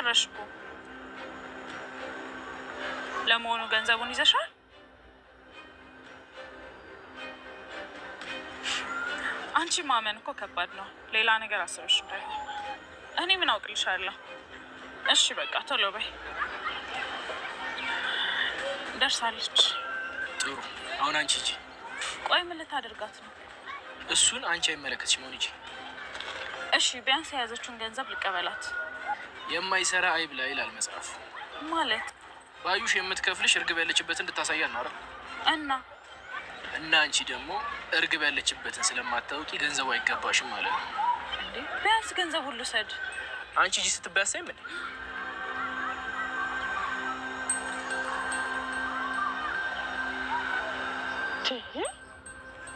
ጨረሽ እኮ። ለመሆኑ ገንዘቡን ይዘሻል? አንቺ ማመን እኮ ከባድ ነው። ሌላ ነገር አስበሽ እንዳይሆን። እኔ ምን አውቅልሻለሁ? እሺ በቃ ቶሎ በይ። ደርሳለች። ጥሩ አሁን አንቺ ሂጂ። ቆይ ምን ልታደርጋት ነው? እሱን አንቺ አይመለከትሽ መሆን ይችል። እሺ ቢያንስ የያዘችውን ገንዘብ ልቀበላት። የማይሰራ አይብ ላይ ይላል መጽሐፉ። ማለት ባዩሽ የምትከፍልሽ እርግብ ያለችበትን እንድታሳያ ነው እና እና አንቺ ደግሞ እርግብ ያለችበትን ስለማታውቂ ገንዘቡ አይገባሽም ማለት ነው። ቢያንስ ገንዘብ ሁሉ ሰድ አንቺ እጅ ስትባያሳይ ምን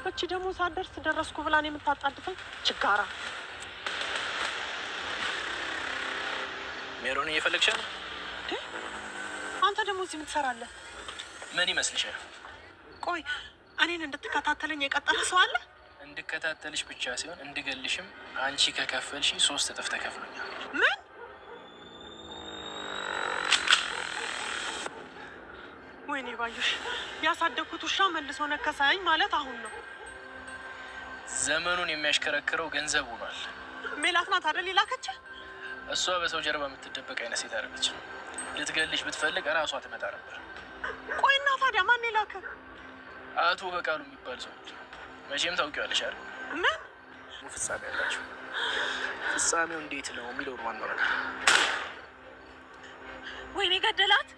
እቺ ደግሞ ሳትደርስ ደረስኩ ብላን የምታጣድፈኝ ችጋራ ሜሮን እየፈለግሽ ነው? አንተ ደግሞ እዚህ የምትሰራለህ ምን ይመስልሻል? ቆይ እኔን እንድትከታተለኝ የቀጠለ ሰው አለ? እንድከታተልሽ ብቻ ሲሆን እንድገልሽም አንቺ ከከፈልሽ ሶስት እጥፍ ተከፍሎኛል። ምን ወይኔ ባዩሽ፣ ያሳደግኩት ውሻ መልሶ ነከሳኝ ማለት አሁን ነው። ዘመኑን የሚያሽከረክረው ገንዘብ ሆኗል። ሜላት ናት አይደል? ሌላ ከቸ እሷ በሰው ጀርባ የምትደበቅ አይነት ሴት አደረገች። ልትገልሽ ብትፈልግ እራሷ ትመጣ ነበር። ቆይና ታዲያ ማን ላከ? አቶ በቃሉ የሚባል ሰው መቼም ታውቂዋለሽ አይደል? ምን ፍጻሜ ያላቸው ፍጻሜው እንዴት ነው የሚለውን ዋናው ነገር ወይኔ ገደላት።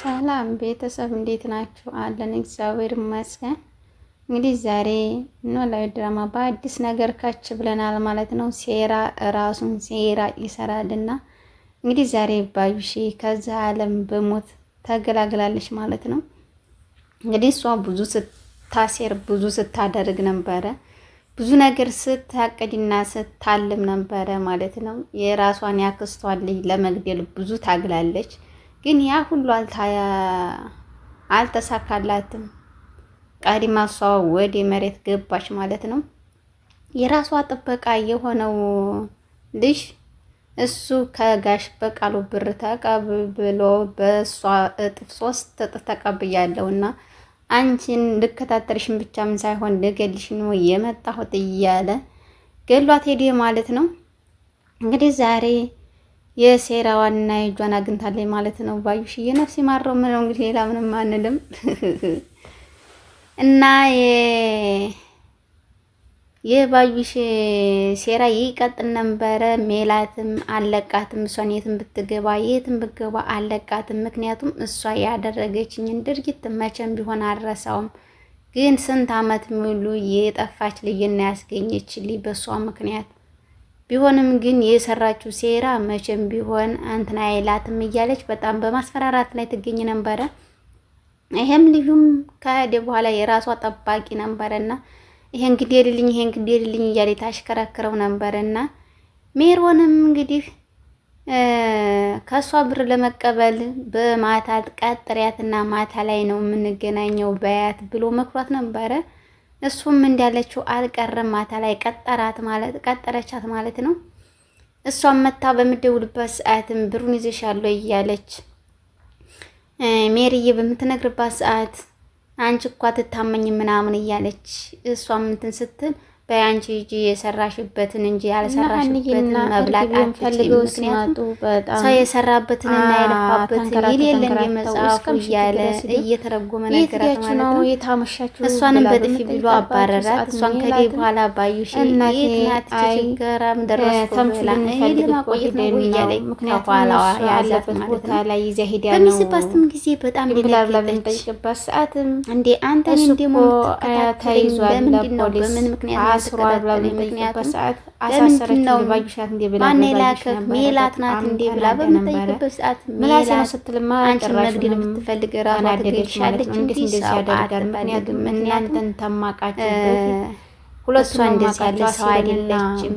ሰላም ቤተሰብ እንዴት ናችሁ? አለን እግዚአብሔር ይመስገን። እንግዲህ ዛሬ ኖላዊ ድራማ በአዲስ ነገር ካች ብለናል ማለት ነው። ሴራ ራሱን ሴራ ይሰራልና እንግዲህ ዛሬ ባዩሽ ከዛ ዓለም በሞት ተገላግላለች ማለት ነው። እንግዲህ እሷ ብዙ ስታሴር ብዙ ስታደርግ ነበረ፣ ብዙ ነገር ስታቀድና ስታልም ነበረ ማለት ነው። የራሷን ያክስቷን ልጅ ለመግደል ብዙ ታግላለች። ግን ያ ሁሉ አልተሳካላትም። ቀሪማ እሷ ወደ መሬት ገባች ማለት ነው። የራሷ ጥበቃ የሆነው ልጅ እሱ ከጋሽ በቃሉ ብር ተቀብሎ በእሷ እጥፍ ሶስት እጥፍ ተቀብያለሁ እና አንቺን ልከታተልሽን ብቻም ሳይሆን ልገልሽን የመጣሁት እያለ ገሏት ሄደ ማለት ነው እንግዲህ ዛሬ የሴራዋንና የእጇን አግኝታለች ማለት ነው። ባዩሽዬ ነፍስ ይማረው። ምነው እንግዲህ ሌላ ምንም አንልም እና የባዩሽ ሴራ ይቀጥል ነበረ። ሜላትም አለቃትም፣ እሷን የትም ብትገባ የትም ብገባ አለቃትም። ምክንያቱም እሷ ያደረገችኝን ድርጊት መቼም ቢሆን አልረሳውም። ግን ስንት ዓመት ሙሉ የጠፋች ልጅና ያስገኘችልኝ በእሷ ምክንያት ቢሆንም ግን የሰራችው ሴራ መቼም ቢሆን እንትን አይላትም እያለች በጣም በማስፈራራት ላይ ትገኝ ነበረ። ይሄም ልዩም ከሄደ በኋላ የራሷ ጠባቂ ነበረና ይሄን ግዴልልኝ ይሄን ግዴልልኝ እያለች ታሽከረክረው ነበርና ሜሮንም እንግዲህ ከእሷ ብር ለመቀበል በማታ ቀጥሪያትና ማታ ላይ ነው የምንገናኘው በያት ብሎ መክሯት ነበረ። እሱም እንዳለችው አልቀረም። ማታ ላይ ቀጠራት ማለት ቀጠረቻት ማለት ነው። እሷም መታ በምደውልበት ሰዓትም ብሩን ይዘሻል እያለች ሜሪዬ በምትነግርባት ሰዓት አንቺ እኳ ትታመኝ ምናምን እያለች እሷም እንትን ስትል በአንቺ እጅ የሰራሽበትን እንጂ ያልሰራሽበትን መብላት አንፈልገው። ሲመጡ በጣም ሰው የሰራበትን እና የለፋበትን የሌለን የመጽሐፉ እያለ እየተረጎመ ነገር ማለት ነው። እሷንም በጥፊ ብሎ አባረራት። እሷን ከዚህ በኋላ ባዩሽ የትናት ችግረም ደረስኩም ለማቆየት ነው እያለ ከኋላዋ ያለት ማለት ነው። በሚስባስትም ጊዜ በጣም ደነገጠች። እንዴ አንተን እንደሞ ተይዟል። ለምንድን ነው በምን ምክንያት አስሯል ብላ በምጠይቅበት ሰዓት አሳሰረች ባይሻት እንዴ ብላ ማን የላከክ ሜላት ናት እንዴ ብላ በምጠይቅበት ሰዓት ሜላት ነው ስትልማ አንቺን መግደል የምትፈልግ ራሷ ትገልሻለች እንዴ እንደዚህ ያደርጋል። ምክንያቱም እናንተን ተማቃችሁ ሁለቱን እንደዚህ ያለ ሰው አይደለችም።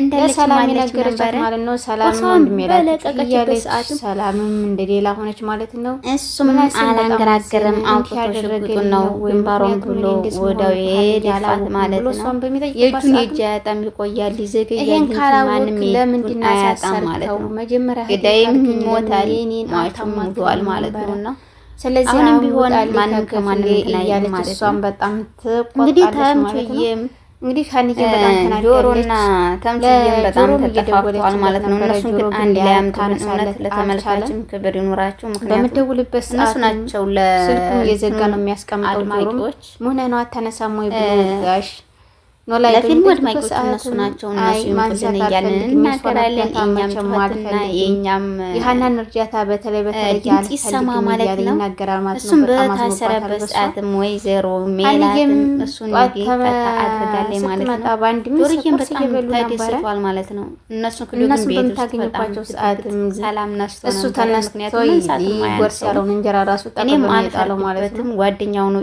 ለሰላም የነገረቻት ማለት ነው። ሰላም ወንድሜ ሰላምም እንደሌላ ሆነች ማለት ነው። እሱም አውጥቶ ሽጉጡን ነው ብሎ ማለት ነው። የእጁን የእጅ አያጣም ይቆያል፣ ይዘገያል። ማንም ለምንድን አያጣም ማለት ነው። መጀመሪያ ይሞታል፣ ሟቹም ማለት ነው እና ስለዚህ አሁንም ቢሆን ማንም ከማንም እያለች እሷም በጣም ትቆጣለች ማለት ነው። እንግዲህ ካንዬ በጣም ጆሮና ተምችዬም በጣም ተጠፋፍተዋል ማለት ነው። እነሱ ግን አንድ ላይ አምጣን። እውነት ለተመልካችም ክብር ይኑራቸው። ምክንያቱም በምደውልበት እነሱ ናቸው ለስልኩ እየዘጋ ነው የሚያስቀምጠው። ጆሮም ምን ነው አታነሳም ብሎ ጋሽ ለፊልም አድማጮች እነሱ ናቸው። እነሱ ይምጡልን እያልን እናገራለን። የእኛም የሀናን እርዳታ በተለይ በተለይ ይሰማ ማለት ነው። እሱም በታሰረበት ሰዓትም ወይዘሮ ሜላትም እሱ አድርጋለች ማለት ነው። ዶርዬም በጣም ተደስቷል ማለት ነው። እነሱ ቤት ሰላም ነስቶ እሱ ተነስቶ ይጎርስ ያለውን እንጀራ ራሱ እኔም ጓደኛው ነው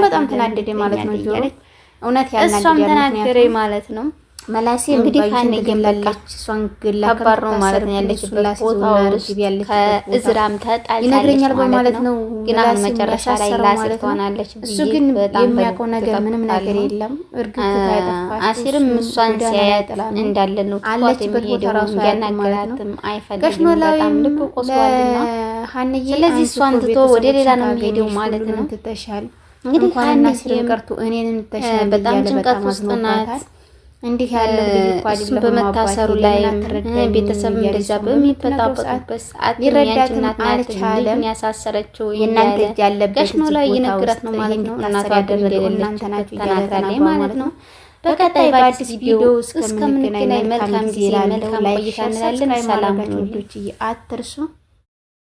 እሷም በጣም ተናደደ ማለት ነው። ጆሮ እውነት ያናደደ ማለት ነው። መላሴ እንግዲህ ካን እየመለቀች እሷን ግላ ከባሮ ማለት ነው ያለችበት ቦታው ከእዝራም ተጣልታለች ይነግረኛል በማለት ነው። ግን አሁን መጨረሻ ላይ ላሴ ትሆናለች። እሱ ግን የሚያውቀው ነገር ምንም ነገር የለም። እርግጥ አሲርም እሷን ሲያያት እንዳለ ነው አለችበት ቦታ ራሱ ያናገራትም አይፈልግም። በጣም ልብ ቆስሏልና፣ ስለዚህ እሷን ትቶ ወደ ሌላ ነው የሚሄደው ማለት ነው። እንኳን እናስርም ቀርቶ እኔንም ተሻለ በጣም ጭንቀት ውስጥ ናት። እንዲህ ያለ እሱም በመታሰሩ ላይ ቤተሰብ እንደዛ በሚበጣበጡበት ሰዓት የረዳት እናት አልቻለም። ያሳሰረችው የእናንተ እጅ ያለበት ጋሽኖ ላይ ይነግራት ነው ማለት ነው። እናቷ እናንተ ናችሁ ተናግራለች ማለት ነው። በቀጣይ በአዲስ ቪዲዮ እስከምንገናኝ መልካም ጊዜ፣ መልካም ቆይታ እንላለን። ሰላም ወዶች አትርሱ።